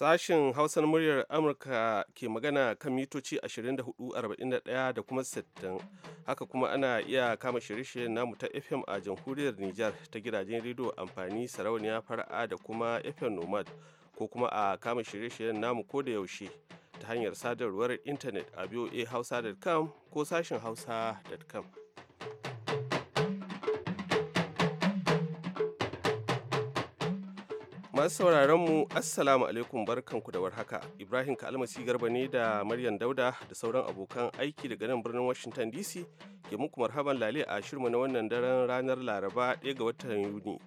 Sashen Hausar muryar Amurka ke magana kan mitoci 24,41 da kuma 60. Haka kuma ana iya kama shirye-shiryen namu ta FM a jamhuriyar Nijar ta gidajen rediyo amfani sarauniya fara'a da kuma FM Nomad ko kuma a kama shirye-shiryen namu ko da yaushe ta hanyar sadarwar intanet a hausa.com ko sashen hausa.com. Masu sauraron mu Assalamu alaikum barkanku da warhaka. Ibrahim Kalmasi Garba ne da Maryam Dauda da sauran abokan aiki daga nan birnin Washington DC ke muku marhaban lale a shirma na wannan daren ranar Laraba 1 ga watan Yuni.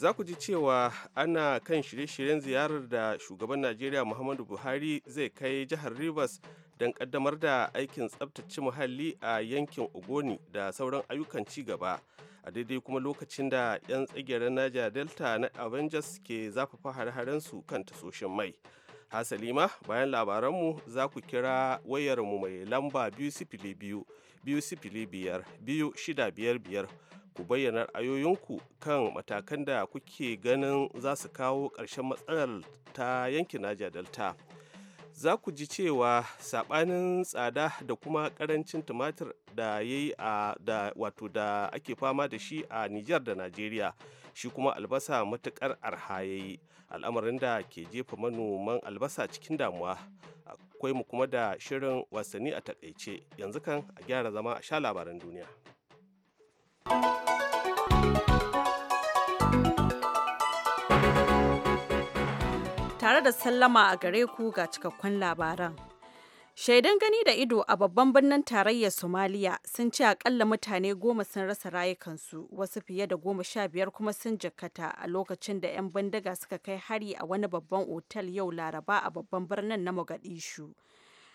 Za ku ji cewa ana kan shirye-shiryen ziyarar da shugaban Najeriya Muhammadu Buhari zai kai jihar Rivers don kaddamar da aikin tsabtace muhalli a yankin Ogoni da sauran ayyukan ci gaba. a daidai kuma lokacin da 'yan tsagirar naja delta na avengers ke zafafa har su kan tasoshin mai hasali ma bayan labaranmu za ku kira wayarmu mai lamba biyu sifili biyu biyu sifili biyar biyu shida biyar biyar ku bayyana ra'ayoyinku kan matakan da kuke ganin za su kawo ƙarshen matsalar ta yankin naja delta za ku ji cewa sabanin tsada da kuma karancin tumatir da ya yi da wato da ake fama da shi a Nijar da Najeriya shi kuma albasa matukar arha ya al'amarin da ke jefa manoman albasa cikin damuwa akwai mu kuma da shirin wasanni a takaice yanzu kan a gyara zama a sha labaran duniya. tare da sallama a gare ku ga cikakkun labaran. Shaidan gani da ido a babban birnin tarayyar Somaliya sun ce akalla mutane goma sun rasa rayukansu wasu fiye da goma sha biyar kuma sun jikkata a lokacin da 'yan bindiga suka kai hari a wani babban otal yau Laraba a babban birnin na Mogadishu.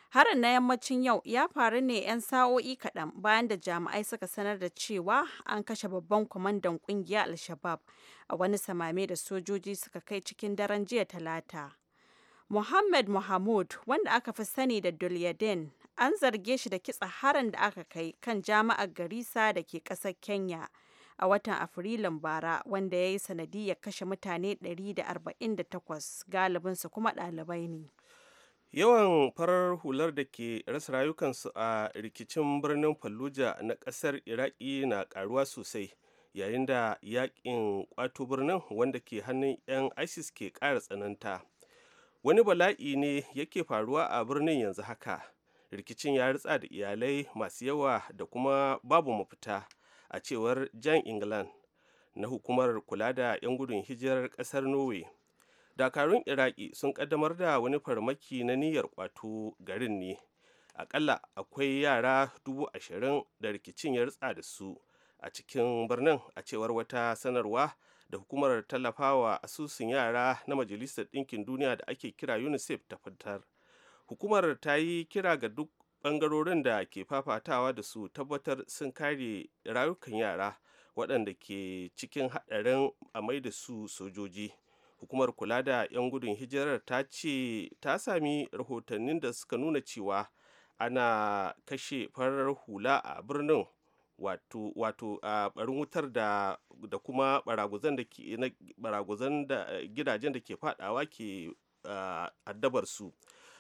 Harin na yammacin yau ya faru ne 'yan sa'o'i kaɗan bayan da jami'ai suka sanar da cewa an kashe babban kwamandan ƙungiyar al a wani samame da sojoji suka kai cikin daren jiya talata. Mohammed Muhammad wanda aka fi sani da Dulyaden an zarge shi da kitsa harin da aka kai kan jami'ar Garissa da ke ƙasar Kenya a watan Afrilun bara wanda ya yi sanadiyar kashe mutane 148 galibinsa kuma ɗalibai ne. yawan farar hular da ke rasa rayukansu a rikicin birnin fallujah na kasar iraki na karuwa sosai yayin da yakin kwato birnin wanda ke hannun 'yan isis ke ƙara tsananta wani bala'i ne yake faruwa a birnin yanzu haka rikicin ya ritsa da iyalai masu yawa da kuma babu mafita a cewar jan england na hukumar kula da 'yan gudun hijirar kasar norway dakarun iraki sun kaddamar da wani farmaki na niyyar kwato garin ne akalla akwai yara dubu ashirin da rikicin ya rutsa da su a cikin birnin a cewar wata sanarwa da hukumar tallafawa asusun yara na majalisar ɗinkin duniya da ake kira unicef ta fitar hukumar ta yi kira ga duk bangarorin da ke fafatawa da su tabbatar sun kare rayukan yara waɗanda ke cikin haɗarin a mai da su sojoji hukumar kula da 'yan gudun hijirar ta ce ta sami rahotannin da suka nuna cewa ana kashe farar hula a birnin wato a barin wutar da da kuma baraguzan da ke baraguzan da gidajen da ke fadawa ke addabar su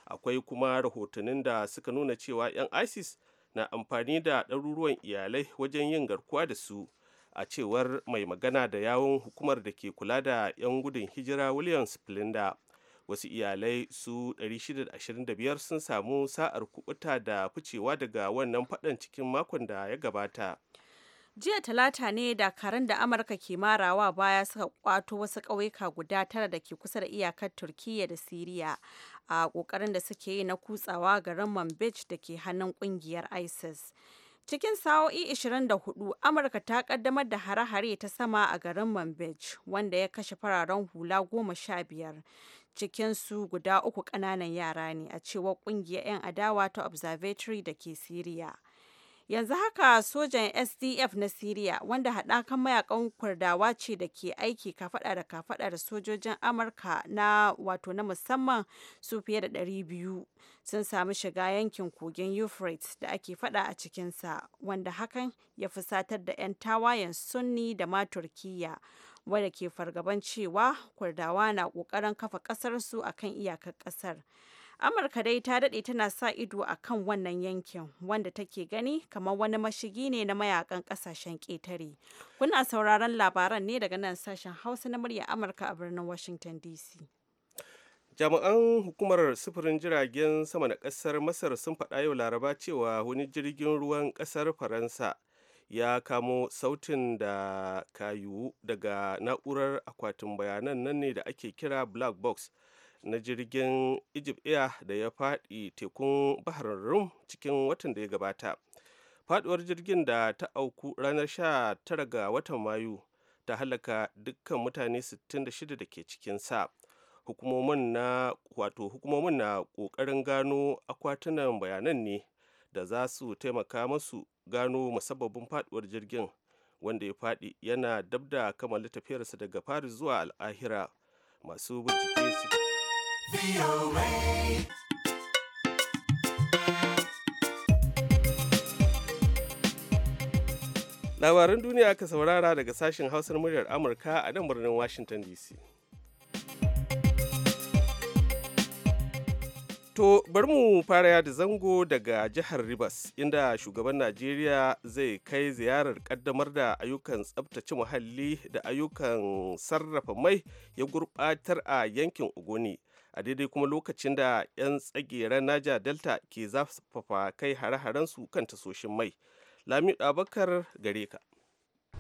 akwai kuma rahotannin da suka nuna cewa 'yan isis na amfani da ɗaruruwan iyalai wajen yin garkuwa da su a cewar mai magana da yawon hukumar da ke kula da 'yan gudun hijira william splinda wasu iyalai su 625 sun samu sa'ar kubuta da ficewa daga wannan fadan cikin makon da ya gabata jiya talata ne dakaran da amurka ke marawa baya suka kwato wasu ƙauyuka guda tara da ke kusa da iyakar turkiyya da siriya a ƙoƙarin da suke yi na kutsawa garin manbij da ke hannun ƙungiyar isis Cikin sa'o'i 24, Amurka ta kaddamar da hare-hare ta sama a garin Manbij, wanda ya kashe fararen hula goma sha biyar. cikin su guda uku ƙananan yara ne, a cewar ƙungiyar 'yan adawa ta Observatory da ke Siriya. Yanzu haka sojan SDF na syria wanda haɗakan mayakan kurdawa ce da ke aiki kafaɗa da kafaɗa da sojojin Amurka na wato na musamman su fiye da 200 sun sami shiga yankin kogin Euphrates da ake fada a cikinsa wanda hakan ya fusatar da 'yan tawayen Sunni da ma turkiya wadda ke fargaban cewa kurdawa na ƙoƙarin kafa ƙasarsu a kan iyakar ƙasar amurka dai ta daɗe tana sa ido a kan wannan yankin wanda take gani kamar wani mashigi ne na mayakan ƙasashen ƙetare kuna sauraron labaran ne daga nan sashen hausa na murya amurka a birnin washington dc jami'an hukumar sufurin jiragen sama na ƙasar masar sun faɗa yau laraba cewa wani jirgin ruwan ƙasar faransa ya kamo sautin da kayu daga na'urar akwatin bayanan nan ne da ake kira black box na jirgin egypt air da ya fadi tekun bahar rum cikin watan da ya gabata faduwar jirgin da ta auku ranar sha tara ga watan mayu ta halaka dukkan mutane 66 da ke cikinsa hukumomin na wato hukumomin na ƙoƙarin gano akwatunan bayanan ne da za su taimaka masu gano musabbabin faduwar jirgin wanda ya fadi yana dabda kamar kammala tafiyarsa daga paris zuwa al'ahira masu bincike Labaran duniya aka saurara daga sashen hausar muryar Amurka a nan birnin Washington DC. To bari mu fara yada zango daga jihar Rivers inda shugaban Najeriya zai kai ziyarar kaddamar da ayyukan tsabtace muhalli da ayyukan sarrafa mai ya gurɓatar a yankin Ogoni a daidai kuma lokacin da 'yan tsageren naja delta ke zafafa kai hare-harensu kan tasoshin mai lamiɗa bakar gare ka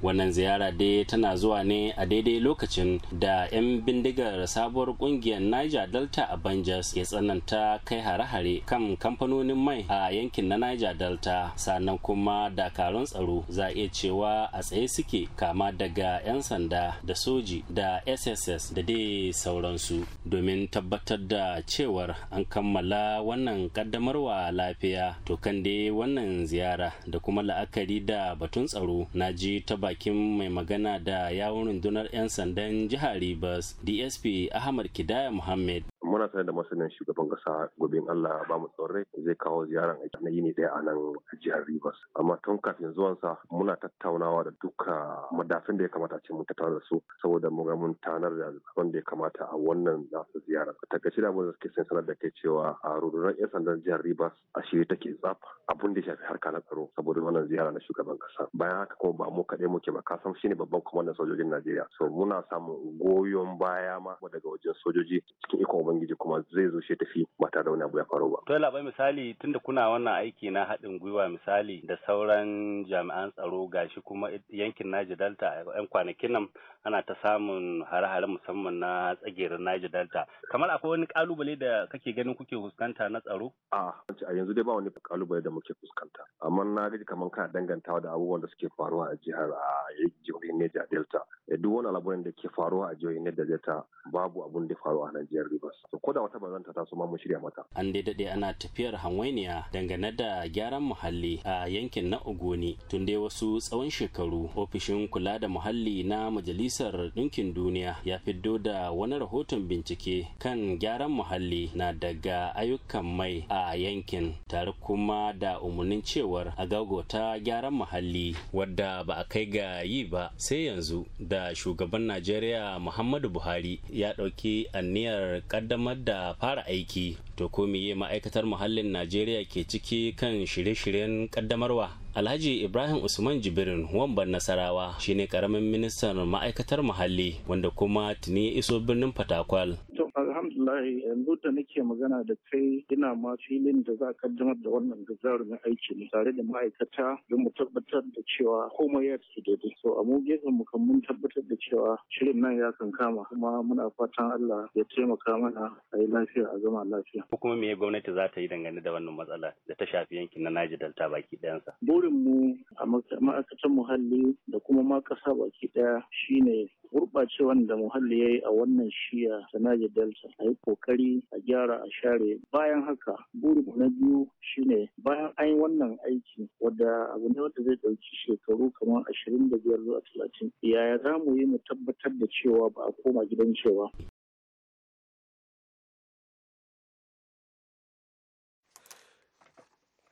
wannan ziyara dai tana zuwa ne a daidai lokacin da 'yan bindigar sabuwar kungiyar niger delta a banjas ya tsananta kai hare-hare kan kamfanonin mai a yankin na niger delta sannan kuma dakarun tsaro za cewa a tsaye suke kama daga 'yan sanda da soji da sss da dai sauransu domin tabbatar da cewar an kammala wannan kaddamarwa lafiya to kan dai wannan ziyara da kuma la'akari da batun tsaro na ji ta bakin mai magana da yawun rundunar 'yan sandan jihar Rivers DSP Ahmad Kidaya Muhammad muna sanar da masanin shugaban kasa gobin Allah ba mu tsorai zai kawo ziyaran aiki na yini daya a nan a jihar Rivers amma tun kafin zuwansa muna tattaunawa da duka madafin da ya kamata ce mu tattauna da su saboda mu ga mun tanar da abin da ya kamata a wannan nasa ziyara gaci da abin da suke sanar da kai cewa a rundunar 'yan sandan jihar Rivers a shirye take tsaf abin da ya shafi harka na tsaro saboda wannan ziyara na shugaban kasa bayan haka kuma ba mu kaɗai muke ba kasan shine babban kwamandan sojojin Najeriya so muna samun goyon baya ma daga wajen sojoji cikin ikon ubangiji kuma zai zo shi tafi ba tare da wani abu ya faru ba. to labai misali tunda kuna wannan aiki na haɗin gwiwa misali da sauran jami'an tsaro gashi kuma yankin naji delta yan kwanakin nan ana ta samun hare-hare musamman na tsagerin Niger Delta. Kamar akwai wani kalubale da kake ganin kuke fuskanta na tsaro? A yanzu dai ba wani kalubale da muke fuskanta. Amma na gaji kamar kana dangantawa da abubuwan da suke faruwa a jihar a jihohin Niger Delta. Eh, duk wani labarin da ke faruwa a jihohin Niger Delta babu abun da faruwa a Najeriya Rivers. Ko da wata bazanta ta so ma mun shirya mata. An dai dade ana tafiyar hanwainiya dangane da gyaran muhalli a yankin na Ogoni tun dai wasu tsawon shekaru ofishin kula da muhalli na majalisar majalisar ɗinkin duniya ya fiddo da wani rahoton bincike kan gyaran muhalli na daga ayyukan mai a yankin tare kuma da umarnin cewar agago ta gyaran muhalli wadda ba a kai ga yi ba sai yanzu da shugaban najeriya muhammadu buhari ya ɗauki aniyar ƙaddamar da fara aiki to ko ma'aikatar muhallin najeriya ke ciki kan shirye-shiryen ƙaddamarwa Alhaji Ibrahim Usman Jibirin wamban Nasarawa shine karamin ministan ma'aikatar muhalli wanda kuma tuni iso birnin Fatakwal To alhamdulillah yanzu da nake magana da kai ina ma filin da za a kaddamar da wannan gazarumin aiki ne tare da ma'aikata don mu tabbatar da cewa komai ya tafi daidai. So a mu gefen mu kan mun tabbatar da cewa shirin nan ya kan kama kuma muna fatan Allah ya taimaka mana a yi lafiya a zama lafiya. Ko kuma me gwamnati za ta yi dangane da wannan matsala da ta shafi yankin na Naji Delta baki ɗayansa? Burin mu a ma'aikatan muhalli da kuma ma ƙasa baki ɗaya shine gurɓacewan da muhalli ya yi a wannan shiya ta Naji Delta a yi kokari a gyara a share bayan haka buri na biyu shine bayan an yi wannan aiki wadda abu ne wanda zai ɗauki shekaru kamar ashirin da biyar zuwa talatin yaya za mu yi mu tabbatar da cewa ba a koma gidan cewa.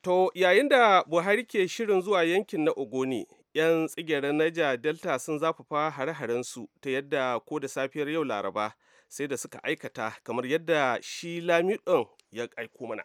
To yayin da Buhari ke shirin zuwa yankin na Ogoni, 'yan tsigirin naja Delta sun zafafa hare-harensu ta yadda ko da safiyar yau Laraba sai da suka aikata kamar yadda shi Lamidon ya aiko mana.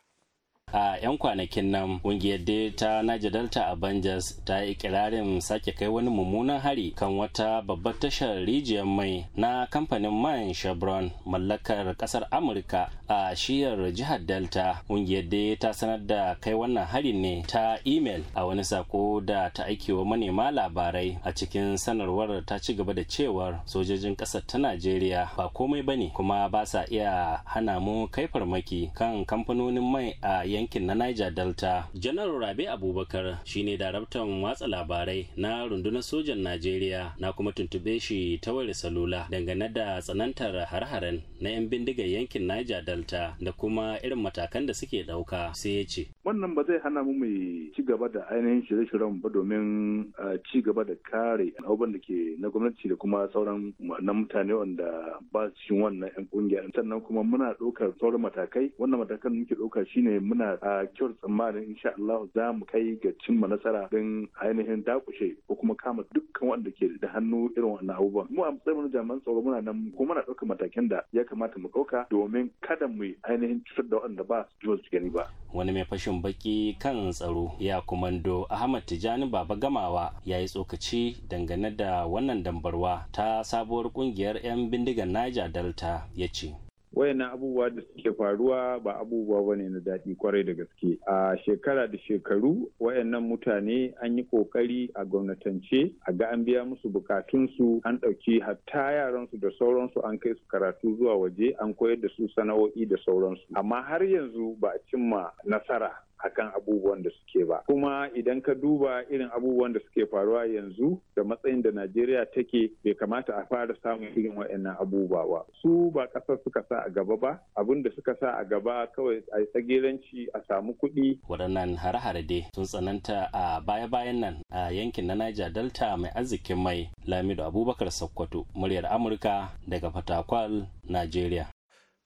a 'yan kwanakin nan kungiyar ta naja delta avengers ta yi kirarin sake kai wani mummunan hari kan wata babbar tashar rijiyar mai na kamfanin man chevron mallakar kasar amurka a shiyar jihar delta kungiyar dai ta sanar da kai wannan hari ne ta email a wani sako da ta aiki wa manema labarai a cikin sanarwar ta ci gaba da cewar sojojin kasar ta najeriya ba komai bane kuma ba sa iya hana mu kai farmaki kan kamfanonin mai a yankin na niger delta janar rabe abubakar shine daraftan watsa labarai na rundunar sojan najeriya na kuma tuntube shi ta wayar salula dangane da tsanantar har-haren na 'yan bindigar yankin niger delta da kuma irin matakan da suke ɗauka sai ya ce wannan ba zai hana mu mai ci gaba da ainihin shirye-shiryen ba domin ci gaba da kare abubuwan da ke na gwamnati da kuma sauran na mutane wanda ba su cikin wannan 'yan kungiya sannan kuma muna ɗaukar sauran matakai wannan matakan muke ɗauka shine muna ina a kyau tsammanin insha Allah za mu kai ga cimma nasara don ainihin dakushe ko kuma kama dukkan wanda ke da hannu irin wannan abubuwan mu a matsayin jami'an tsaro muna nan ko muna ɗaukar matakin da ya kamata mu ɗauka domin kada mu ainihin cutar da waɗanda ba su ji gani ba wani mai fashin baki kan tsaro ya kumando Ahmad Tijani Baba Gamawa ya yi tsokaci dangane da wannan dambarwa ta sabuwar kungiyar 'yan bindigar Niger Delta ya ce wayannan abubuwa da suke faruwa ba abubuwa ba ne na daɗi kwarai da gaske a shekara da shekaru wayannan mutane an yi ƙoƙari a gwamnatance a ga an biya musu bukatunsu an ɗauki hatta yaransu da sauransu an kai su karatu zuwa waje an koyar da su sana'o'i da sauransu amma har yanzu ba a cimma nasara akan abubuwan da suke ba kuma idan ka duba irin abubuwan da suke faruwa yanzu da matsayin da najeriya take bai kamata a fara samun irin waɗannan abubuwa ba su ba ƙasar suka sa a gaba ba abin da suka sa a gaba kawai a yi tsagiranci a samu kuɗi waɗannan hare-hare dai sun tsananta a baya-bayan nan a yankin na niger delta mai arzikin mai lamido abubakar sokoto muryar amurka daga fatakwal najeriya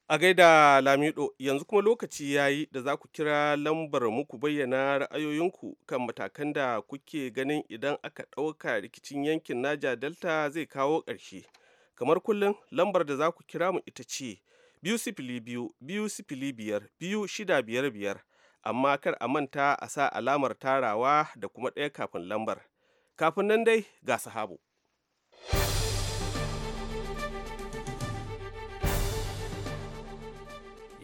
A gaida Lamido yanzu kuma lokaci ya yi da za ku kira lambar muku bayyana ra'ayoyinku kan matakan da kuke ganin idan aka ɗauka rikicin yankin Naja Delta zai kawo ƙarshe. Kamar kullum lambar da za ku kira mu ita ce biyu sifili biyu biyu sifili biyar biyu shida biyar biyar amma kar a manta a sa alamar tarawa da kuma ɗaya kafin lambar. Kafin nan dai ga sahabu.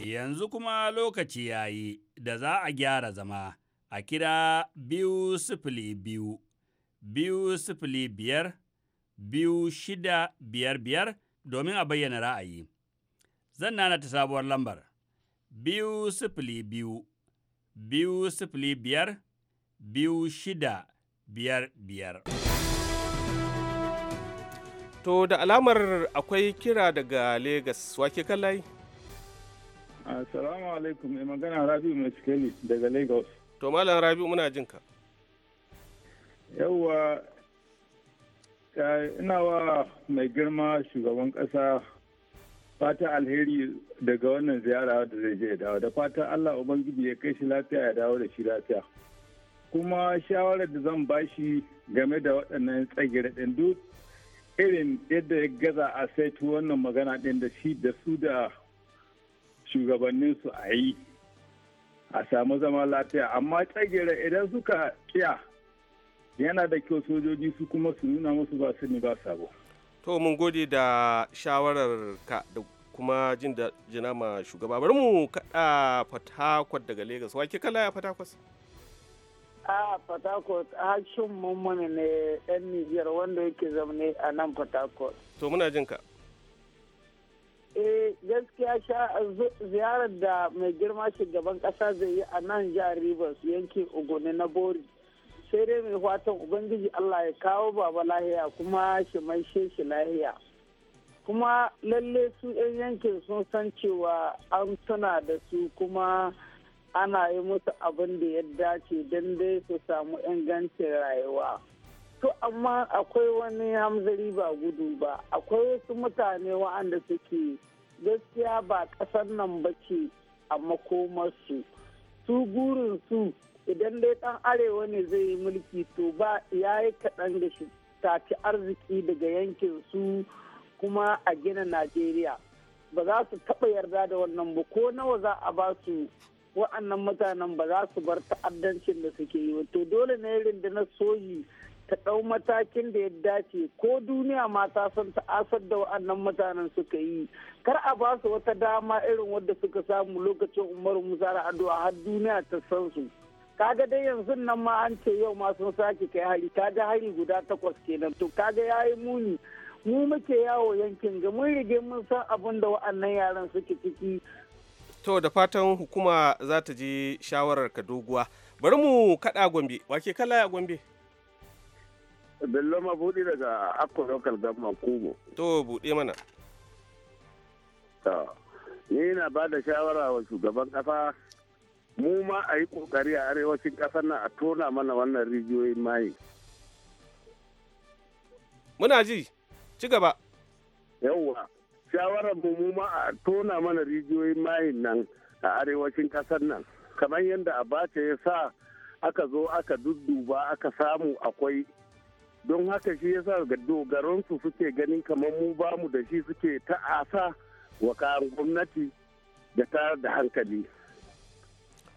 Yanzu kuma lokaci ya yi da za a gyara zama a kira biyu sifili biyu, biyu sifili biyar, biyu shida biyar biyar domin a bayyana ra'ayi. Zan nana ta sabuwar lambar, biyu sifili biyu, biyu sifili biyar, biyu shida biyar biyar. To da alamar akwai kira daga Legas, wake kallai? Assalamu alaikum mai magana Rabi'u Mashikeli daga Lagos. To Malam Rabi'u muna jin ka. Yawwa ina wa mai girma shugaban ƙasa fata alheri daga wannan ziyara da zai je dawo da fata Allah Ubangiji ya kai shi lafiya ya dawo da shi lafiya. Kuma shawarar da zan bashi game da waɗannan tsagira ɗin duk irin yadda ya gaza a saitu wannan magana ɗin da shi da su da shugabanninsu a yi a samu zama lafiya amma tsagera idan suka kiya yana da kyau sojoji su kuma su nuna musu ba su ne ba sabo to mun gode da shawarar ka da kuma jin da jina ma shugaba bari mu kada fatakwas daga lagos wake kala ya fatakwas a fatakwas hashin mummuni ne yan nijar wanda yake zaune a nan fatakwas to muna jin ka eh gaskiya ziyarar da mai girma shugaban kasa zai yi a nan jihar rivers yankin ogoni na bori sai dai mai fatan ubangiji allah ya kawo baba lahiya kuma shi maishe shi lahiya kuma lalle su 'yan yankin sun san cewa an tuna da su kuma ana yi musu abin da ya dace don dai su samu ingancin rayuwa to amma akwai wani hamzari ba gudu ba akwai wasu mutane wa'anda suke gaskiya ba ƙasar nan ba ce a makomarsu su gurin su idan dai ɗan arewa ne zai yi mulki to ba ya yi kaɗan da shi taci arziki daga yankin su kuma a gina najeriya ba za su taɓa yarda da wannan ba ko nawa za a ba su wa'annan mutanen ba za su bar ta'addancin da suke yi to dole ne rindunar soji ta ɗau matakin da ya dace ko duniya ma ta san ta'asar da wa'annan mutanen suka yi kar a ba su wata dama irin wadda suka samu lokacin umaru musa ado a har duniya ta san su kaga dai yanzu nan ma an ce yau ma sun sake kai hari kaga hari guda takwas kenan to kaga yayi muni mu muke yawo yankin ga mun rige mun san abin da wa'annan yaran suke ciki to da fatan hukuma za ta ji shawarar ka doguwa bari mu kada gombe wake kala gombe Bello buɗi daga Akko Local Government Kumo. To buɗe mana. Ni na ba da shawara wa shugaban ƙasa mu ma a yi ƙoƙari a arewacin ƙasar nan a tona mana wannan rijiyoyin mayi. Muna ji, ci gaba. Yawwa, shawarar mu mu ma a tona mana rijiyoyin mayin nan a arewacin ƙasar nan. Kamar yadda Abacha ya sa aka zo aka dudduba aka samu akwai don haka shi yasa ga dogaransu suke ganin kamar mu ba mu da shi suke ta'asa wa kayan gwamnati da ta da hankali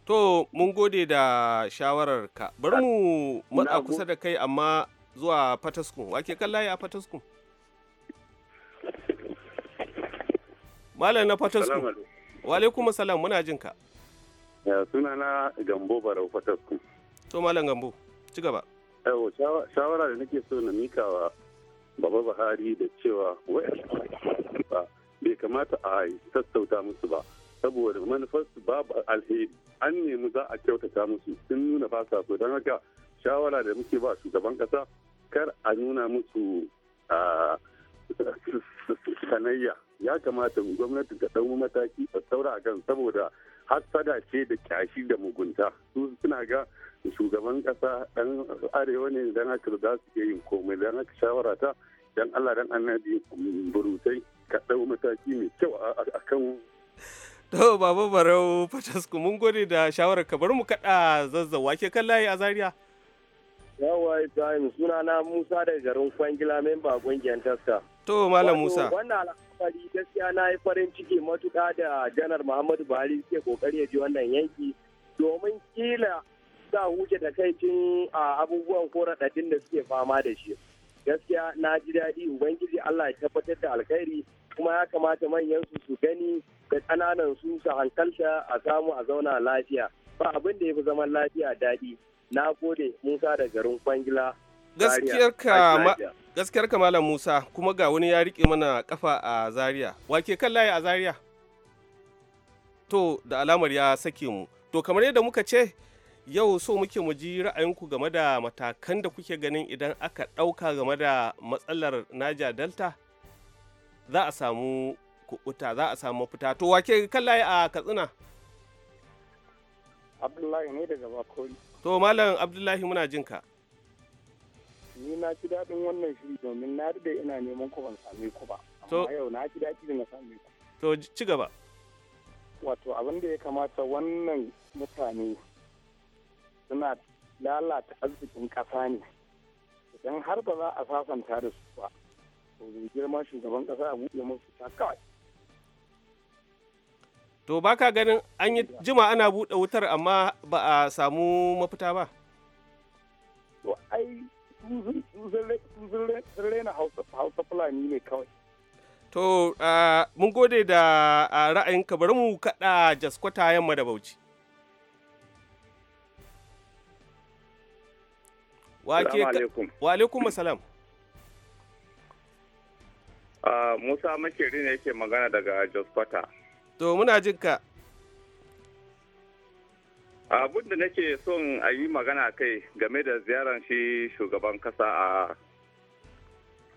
to mun gode da shawarar ka bari mu matsa kusa da kai amma zuwa fataskun wake kallaye a fataskun malam na fataskun wa alaikum salam muna jin ka suna na gambo barau fataskun to malam gambo ci gaba yawo shawara da nake so na mikawa baba buhari da cewa ba bai kamata a sassauta musu ba saboda manufarsu babu alheri an nemi za a kyautata musu sun nuna ba sa so don haka shawara da muke ba shugaban kasa kar a nuna musu sanayya ya kamata gwamnati ta ɗau mataki a saura a kan saboda hassada ce da kyashi da mugunta su suna ga shugaban kasa dan arewa ne dan haka za su iya yin komai dan haka shawara ta dan Allah dan annabi burutai ka dau mataki mai kyau a kan to baba barau fatasku mun gode da shawarar ka bar mu kada zazzawa ke kan layi a zaria yawa time suna na musa da garin kwangila memba kungiyar taska to malam musa wannan fari gaskiya na yi farin ciki matuƙa da janar muhammadu buhari ke kokari ya ji wannan yanki domin kila sa huce da kai cin abubuwan koraɗaɗin da suke fama da shi gaskiya na ji daɗi ubangiji allah ya tabbatar da alkhairi kuma ya kamata manyan su su gani da ƙananan su su hankalta a samu a zauna lafiya ba abin da ya fi zaman lafiya daɗi na gode musa da garin kwangila gaskiyar ka malam Musa kuma ga wani ya riƙe mana kafa a Zaria wake kan layi a Zaria to da alamar ya sake mu to kamar yadda muka ce yau so muke mu ji ra'ayinku game da matakan da kuke ganin idan aka ɗauka game da matsalar naja Delta za a samu kuɓuta za a samu mafita to wake kan layi a Katsina Abdullahi ne daga bakoli to malam Abdullahi muna jinka ka ni na ji daɗin wannan shiri domin na da ina neman ku ban same ku ba amma yau na ji daɗi na same ku to ci gaba wato abin da ya kamata wannan mutane suna lalata arzikin ƙasa ne idan har ba za a sasanta da su ba to zai girma shugaban ƙasa a buɗe musu ta kawai to ba ka ganin an yi jima ana buɗe wutar amma ba a samu mafita ba to ai rena hausa fulani ne kawai to mun gode da ra'ayinka bari mu kaɗa jaskwata yamma da bauchi wake wa alaikum salam Musa Makeri ne yake magana daga jaskwata. To muna jinka. ka. abun da nake son a yi magana kai game da ziyarar shi shugaban kasa a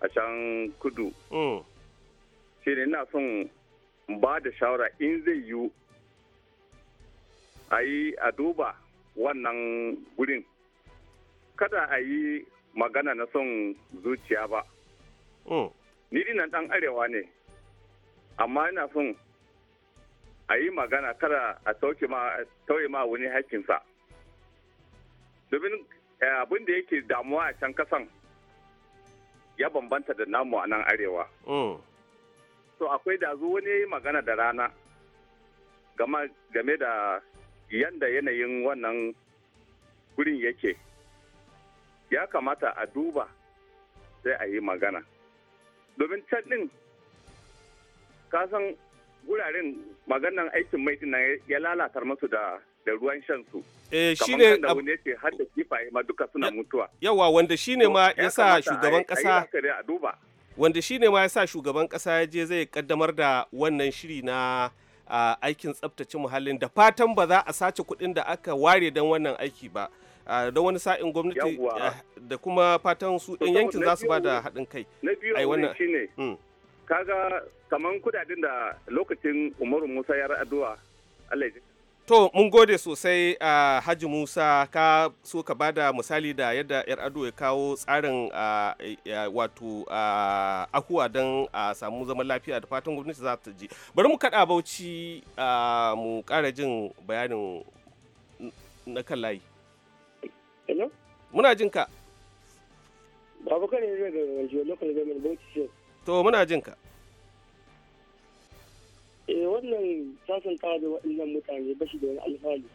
a can kudu mm. shi ne ina son ba da shawara in zai yiwu a yi a duba wannan gurin kada a yi magana na son zuciya ba mm. ni dinan dan arewa ne amma ina son a yi magana kada a tauye ma wani haƙƙinsa domin eh, abin da yake damuwa a can kasan ya bambanta da namu a nan arewa so mm. akwai da zuwa wani yi magana da rana game da yanda yanayin wannan gurin yake ya kamata a duba sai a yi magana domin can ɗin kasan wuraren maganan aikin mai din ya lalatar masu da da ruwan shan su. Eh shine da wani ce har da kifaye ma duka suna mutuwa. Yawa wanda shine ma yasa shugaban kasa Wanda shine ma yasa shugaban kasa ya je zai kaddamar da wannan shiri na aikin tsaftace muhallin da fatan ba za a sace kuɗin da aka ware don wannan aiki ba. don wani sa'in gwamnati eh, da kuma fatan su ɗin yankin za su ba da haɗin kai. Na biyu kaga kaman kudaden da lokacin umaru musa ya ra'aduwa allah to mun gode sosai a uh, haji musa ka so ka bada misali da yadda yar ado ya kawo tsarin uh, wato uh, akuwa don a samu zaman lafiya da fatan gwamnati za ta ji bari mu kada bauchi mu kara jin bayanin na kan layi muna jin ka babu kan yanzu daga lokacin gwamnati bauchi To muna jin ka. Eh wannan sasantawa da waɗannan mutane ba shi da wani alfahari.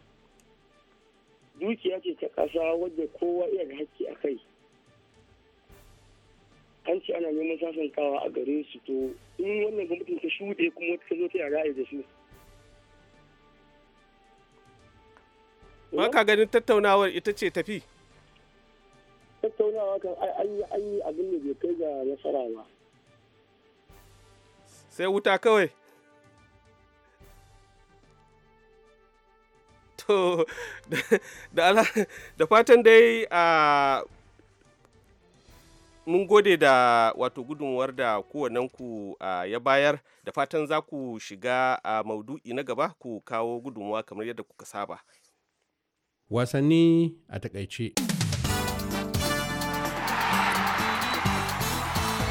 Dukiya ce ta ƙasa wadda kowa iya da hakki a kai. An ce ana neman sasantawa a gare su to in wannan gwamnatin ta shuɗe kuma wata ta zo ta yara da su. Baka ganin tattaunawar ita ce tafi tattaunawa kan an yi abin da bai kai ga nasara ba sai wuta kawai to da fatan dai a mun gode da wato gudunwar da kowannenku ya bayar da fatan za ku shiga a maudu'i na gaba ku kawo gudunwa kamar yadda kuka saba wasanni a takaice.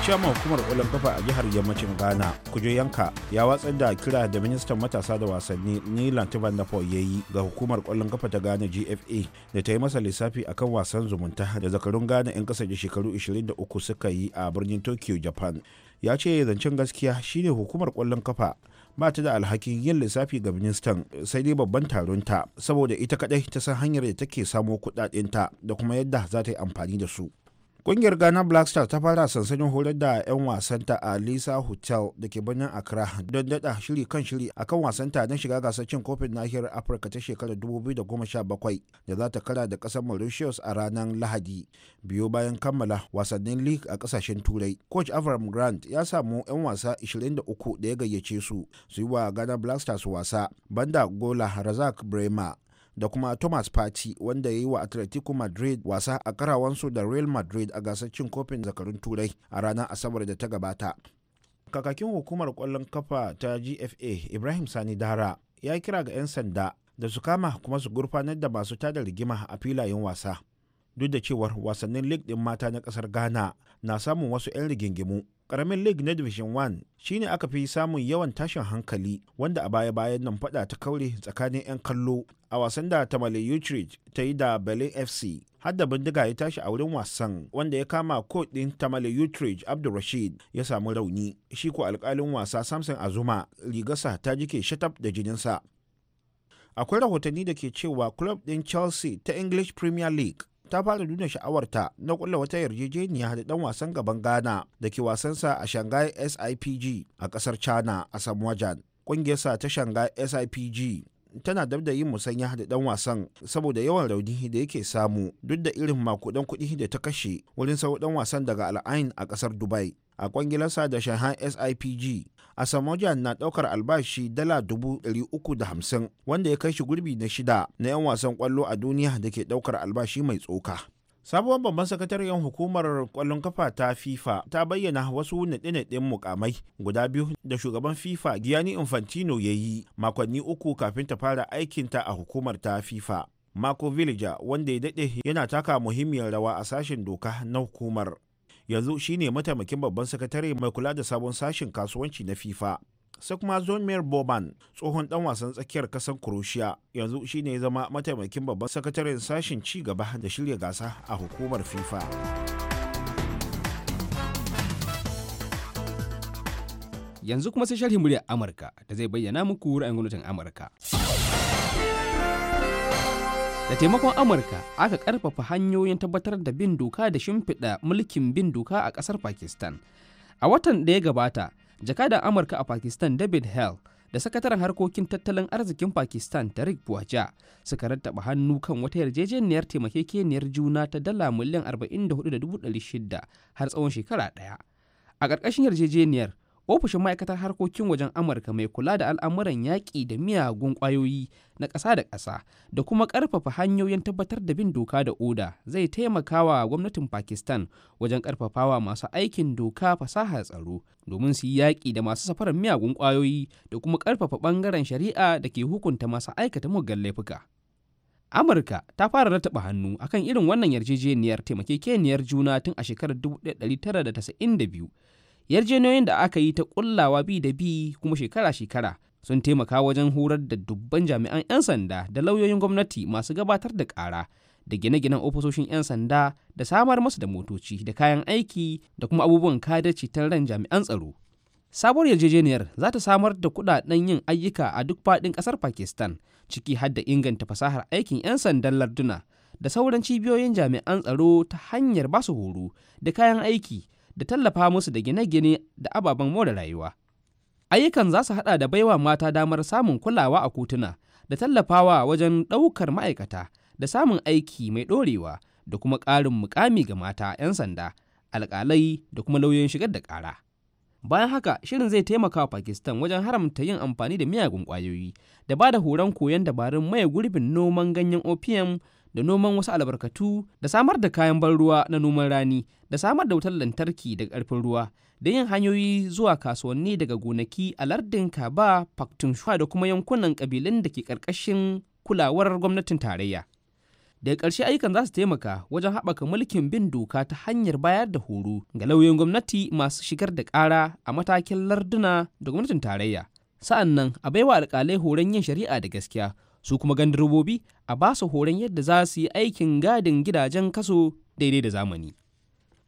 Chairman hukumar kwallon kafa a jihar yammacin Ghana, Kujo Yanka ya watsar da kira da ministan matasa da wasanni Nilan Tivan ya yi ga hukumar kwallon kafa ta Ghana GFA da ta yi masa lissafi akan wasan zumunta da zakarun Ghana 'yan kasa da shekaru 23 suka yi a birnin Tokyo, Japan. Ya ce zancen gaskiya shine hukumar kwallon kafa ba ta da alhakin yin lissafi ga ministan sai dai babban taron ta saboda ita kadai ta san hanyar da take samo kudaden ta da kuma yadda za ta yi amfani da su Ƙungiyar Ghana Black Stars ta fara sansanin horar da 'yan wasanta a Lisa Hotel da ke birnin Accra don daɗa shiri kan shiri akan wasanta don shiga gasar cin kofin nahiyar Afirka ta shekarar 2017 da za ta kara da kasar Mauritius a ranar Lahadi biyu bayan kammala wasannin League a kasashen Turai. Coach Avram Grant ya samu 'yan wasa 23 da ya gayyace su su yi wa Ghana Black Stars wasa banda Gola Razak Brema da kuma thomas party wanda ya yi wa atletico madrid wasa a karawansu da real madrid a gasar cin kofin zakarun turai a ranar asabar da ta gabata kakakin hukumar kwallon kafa ta gfa ibrahim sani dara ya kira ga 'yan sanda da su kama kuma su gurfanar da masu tada rigima a filayen wasa duk da cewar wasannin league din mata na kasar ghana na samun wasu 'yan rigingimu karamin league na division 1 shine aka fi samun yawan tashin hankali wanda a baya-bayan nan fada ta kaure tsakanin 'yan kallo a wasan da tamale utrecht ta yi da berlin fc har da bindiga ya tashi a wurin wasan wanda ya kama kot din tamale utrecht rashid ya samu rauni shi ko alkalin wasa samson azuma rigarsa ta jike shatab da jininsa akwai rahotanni da ke cewa club din chelsea ta english premier league ta fara nuna sha'awarta na kulla wata yarjejeniya da dan wasan gaban ghana da ke wasansa a shanghai sipg a kasar china a samuajan ƙungiyarsa ta shanghai sipg tana dab da yin musanya da dan wasan saboda yawan rauni da yake samu duk da irin makudan kuɗi da ta kashe wurin sau dan wasan daga al'ain a kasar dubai a kwangilarsa da shanghai sipg a samoja na daukar albashi dala dubu uku da hamsin wanda ya kai shi gurbi na shida na 'yan wasan kwallo a duniya da ke daukar albashi mai tsoka sabuwar babban sakatariyar hukumar kwallon kafa ta fifa ta bayyana wasu naɗe-naɗen mukamai guda biyu da shugaban fifa gianni infantino ya yi makonni uku kafin ta fara aikinta a hukumar ta fifa Marco Villager wanda ya daɗe yana taka muhimmiyar rawa a sashen doka na hukumar yanzu shine mataimakin babban sakatare mai kula da sabon sashen kasuwanci na fifa sai kuma zomir boban tsohon dan wasan tsakiyar kasar croatia yanzu shine ya zama mataimakin babban sakataren sashen ci gaba da shirya gasa a hukumar fifa yanzu kuma sai sharhin murya amurka da zai bayyana muku ra'ayin gwamnatin amurka da taimakon amurka aka karfafa hanyoyin tabbatar da bin doka da shimfiɗa mulkin bin doka a ƙasar pakistan a watan da ya gabata jakadan amurka a pakistan david hale da sakataren harkokin tattalin arzikin pakistan tariq buwaja suka rattaba hannu kan wata yarjejeniyar taimakekeniyar juna ta dala miliyan 44,600 har tsawon shekara ɗaya a ƙarƙashin yarjejeniyar ofishin ma'aikatar harkokin wajen amurka mai kula da al'amuran yaƙi da miyagun ƙwayoyi na ƙasa da ƙasa da kuma ƙarfafa hanyoyin tabbatar da bin doka da oda zai taimaka wa gwamnatin pakistan wajen ƙarfafawa masu aikin doka fasahar tsaro domin su yi yaƙi da masu safarar miyagun ƙwayoyi da kuma ƙarfafa ɓangaren shari'a da ke hukunta masu aikata muggan laifuka Amurka ta fara rataba hannu akan irin wannan yarjejeniyar taimake keniyar juna tun a shekarar 1992 yarjejeniyoyin da aka yi ta kullawa bi da bi kuma shekara-shekara sun taimaka wajen horar da dubban jami'an 'yan sanda da lauyoyin gwamnati masu gabatar da ƙara da gine-ginen ofisoshin 'yan sanda da samar masu da motoci da kayan aiki da kuma abubuwan kadaci ta ran jami'an tsaro sabuwar yarjejeniyar za ta samar da kudaden yin ayyuka a duk faɗin ƙasar pakistan ciki har da inganta fasahar aikin 'yan sandan larduna da sauran cibiyoyin jami'an tsaro ta hanyar basu horo da kayan aiki da tallafa musu da gine-gine da ababen more rayuwa. Ayyukan za su haɗa da baiwa mata damar samun kulawa a kotuna da tallafawa wajen ɗaukar ma'aikata da samun aiki mai ɗorewa da kuma ƙarin mukami ga mata 'yan sanda, alƙalai da kuma lauyoyin shigar da ƙara. Bayan haka, shirin zai taimaka wa Pakistan wajen haramta yin amfani da miyagun ƙwayoyi da ba da horon koyon dabarun maye gurbin noman ganyen opium da noman wasu albarkatu da samar da kayan ban ruwa na noman rani da samar da wutar lantarki da ƙarfin ruwa da yin hanyoyi zuwa kasuwanni daga gonaki a lardin kaba Pakhtunkhwa da kuma yankunan kabilun da ke ƙarƙashin kulawar gwamnatin tarayya daga ƙarshe ayyukan za su taimaka wajen haɓaka mulkin bin doka ta hanyar bayar da horo ga lauyoyin gwamnati masu shigar da ƙara a matakin larduna da gwamnatin tarayya sa'an nan a baiwa alƙalai horon yin shari'a da gaskiya su kuma gandarobobi a ba su horon yadda za su yi aikin gadin gidajen kaso daidai da zamani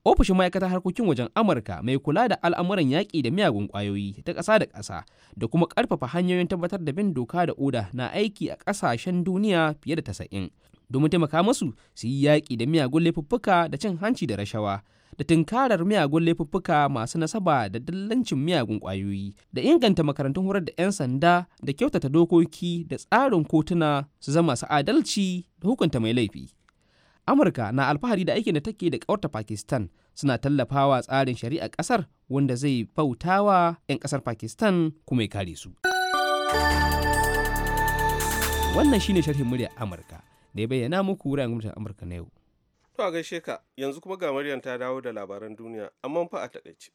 ofishin ma'aikatar harkokin wajen amurka mai kula da al'amuran yaƙi da miyagun ƙwayoyi ta ƙasa da ƙasa da kuma ƙarfafa hanyoyin tabbatar da bin doka da oda na aiki a ƙasashen duniya fiye da tasa'in domin taimaka masu su yi yaƙi da miyagun laifuffuka da cin hanci da rashawa da tunkarar miyagun laifuffuka masu nasaba da dallancin miyagun ƙwayoyi da inganta makarantun horar da 'yan sanda da kyautata dokoki da tsarin kotuna su zama su adalci da hukunta mai laifi amurka na alfahari da aikin da take da ƙawarta pakistan suna tallafawa tsarin shari'a ƙasar wanda zai bautawa 'yan ƙasar pakistan kuma ya kare su wannan ne sharhin murya amurka da ya bayyana muku wuraren gwamnatin amurka na yau To a gaishe ka yanzu kuma ga Maryam ta dawo da labaran duniya amma fa a takaice.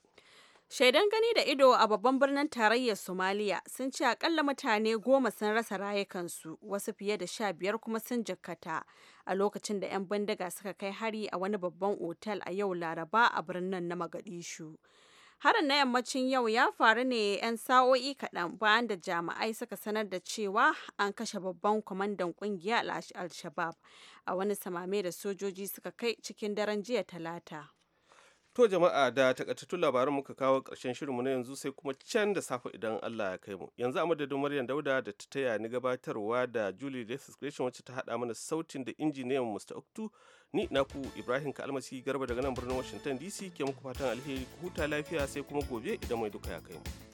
Shaidan gani da ido a babban birnin tarayyar Somalia sun ce akalla mutane goma sun rasa rayukansu wasu fiye da sha biyar kuma sun jikkata a lokacin da 'yan bindiga suka kai hari a wani babban otal a yau Laraba a birnin na Magadishu. Harin na yammacin yau ya faru ne 'yan sa'o'i kaɗan bayan da jami'ai suka sanar da cewa an kashe babban kwamandan ƙungiyar al-Shabab a wani samame da sojoji suka kai cikin daren jiya talata to jama'a da takaitattun labaran muka kawo karshen shirinmu na yanzu sai kuma can da safe idan allah ya kai mu yanzu a madadin maryam dauda da ta taya ni gabatarwa da julie da Subscription wacce ta haɗa mana sautin da injiniyan mr oktu ni naku ibrahim kalmasi garba daga nan birnin washington dc ke muku fatan alheri huta lafiya sai kuma gobe idan mai duka ya kai mu